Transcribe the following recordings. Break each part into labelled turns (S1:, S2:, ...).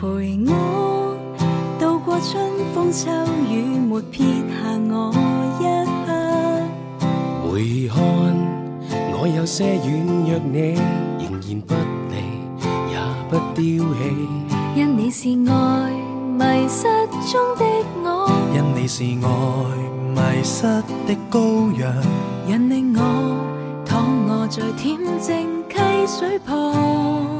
S1: 陪我渡過春風秋雨，沒撇下我一刻。回看我有些軟弱你，你仍然不離也不丟棄。因你是愛迷失中的我，因你是愛迷失的羔羊，引領我躺臥在恬靜溪水旁。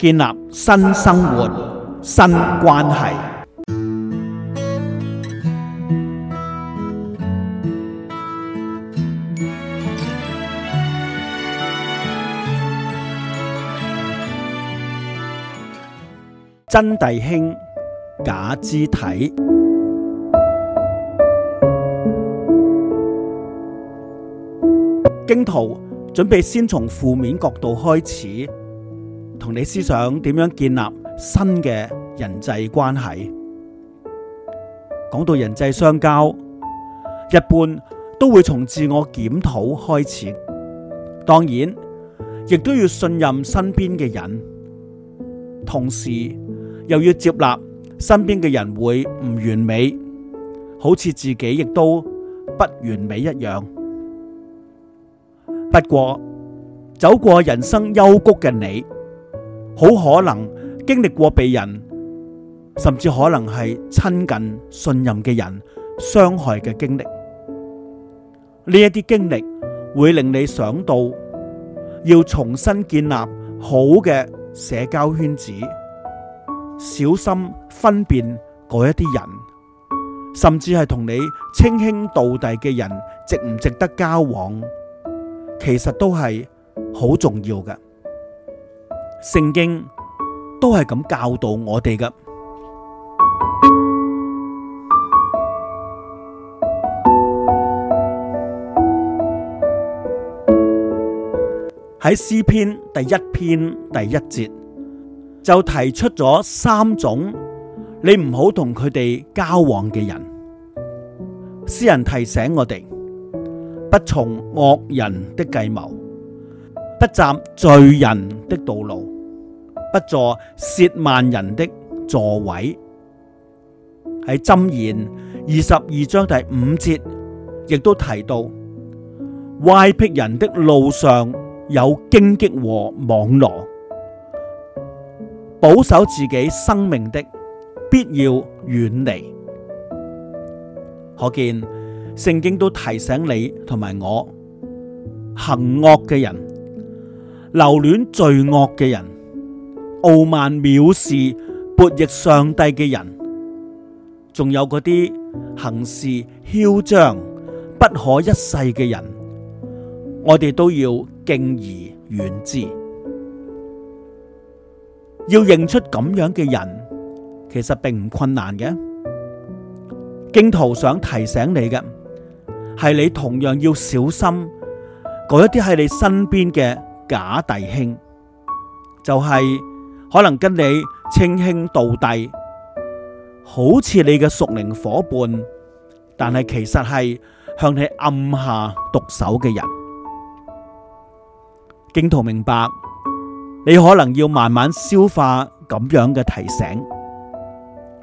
S1: 建立新生活、新關係。真弟兄，假肢體。荊徒準備先從負面角度開始。同你思想點樣建立新嘅人際關係？講到人際相交，一般都會從自我檢討開始，當然亦都要信任身邊嘅人，同時又要接納身邊嘅人會唔完美，好似自己亦都不完美一樣。不過，走過人生幽谷嘅你。好可能經歷過被人，甚至可能係親近信任嘅人傷害嘅經歷，呢一啲經歷會令你想到要重新建立好嘅社交圈子，小心分辨嗰一啲人，甚至係同你稱兄道弟嘅人值唔值得交往，其實都係好重要嘅。聖經都係咁教導我哋㗎。喺詩篇第一篇第一節就提出咗三種你唔好同佢哋交往嘅人。詩人提醒我哋，不從惡人的計謀。不站罪人的道路，不坐褻慢人的座位。喺箴言二十二章第五節，亦都提到：乖僻人的路上有荊棘和網羅，保守自己生命的必要遠離。可見聖經都提醒你同埋我，行惡嘅人、留戀罪惡嘅人、傲慢藐視、悖逆上帝嘅人，仲有嗰啲行事囂張、不可一世嘅人，我哋都要敬而遠之。要認出咁樣嘅人，其實並唔困難嘅。荊徒想提醒你嘅係你同樣要小心嗰一啲係你身邊嘅。假弟兄就係可能跟你稱兄道弟，好似你嘅熟齡伙伴，但係其實係向你暗下毒手嘅人。荊徒明白，你可能要慢慢消化咁樣嘅提醒，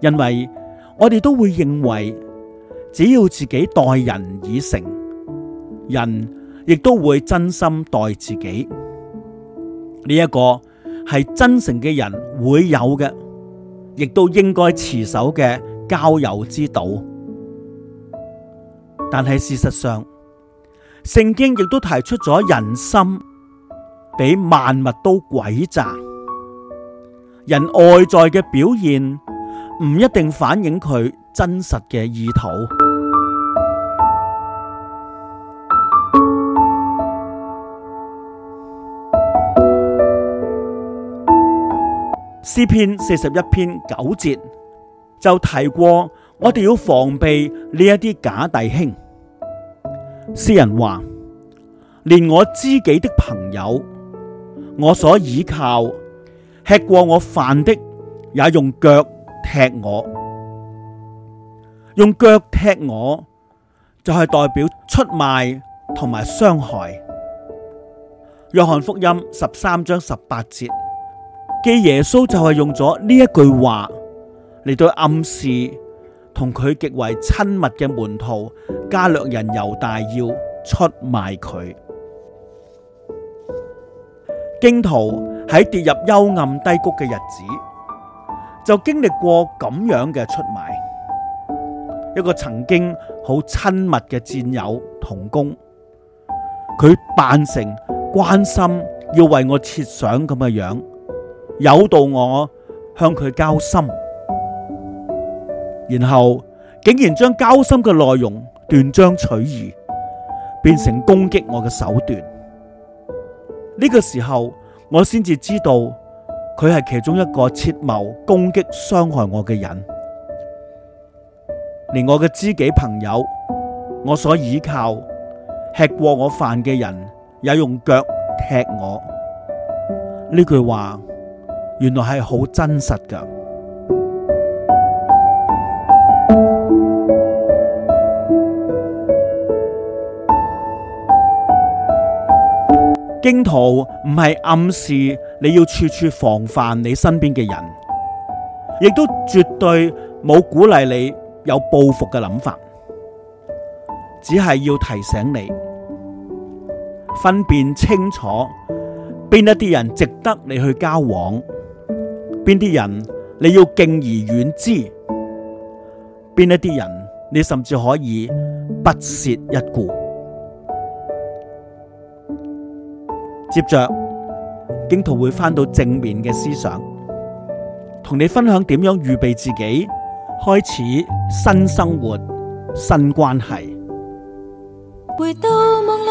S1: 因為我哋都會認為只要自己待人以誠，人亦都會真心待自己。呢一個係真誠嘅人會有嘅，亦都應該持守嘅交友之道。但係事實上，聖經亦都提出咗人心比萬物都詭詐，人外在嘅表現唔一定反映佢真實嘅意圖。詩篇四十一篇九節就提過，我哋要防備呢一啲假弟兄。詩人話：連我知己的朋友，我所倚靠、吃過我飯的，也用腳踢我。用腳踢我就係代表出賣同埋傷害。約翰福音十三章十八節。嘅耶穌就係用咗呢一句話嚟到暗示，同佢極為親密嘅門徒加略人猶大要出賣佢。荊徒喺跌入幽暗低谷嘅日子，就經歷過咁樣嘅出賣，一個曾經好親密嘅戰友同工，佢扮成關心要為我設想咁嘅樣，誘導我向佢交心，然後竟然將交心嘅內容斷章取義，變成攻擊我嘅手段。呢個時候，我先至知道佢係其中一個設謀攻擊、傷害我嘅人。連我嘅知己朋友、我所倚靠、吃過我飯嘅人，也用腳踢我。呢句話。原來係好真實噶，荊徒唔係暗示你要處處防範你身邊嘅人，亦都絕對冇鼓勵你有報復嘅諗法，只係要提醒你分辨清楚邊一啲人值得你去交往。邊啲人你要敬而遠之，邊一啲人你甚至可以不屑一顧。接着荊徒會返到正面嘅思想，同你分享點樣預備自己開始新生活、新關係。回到夢裏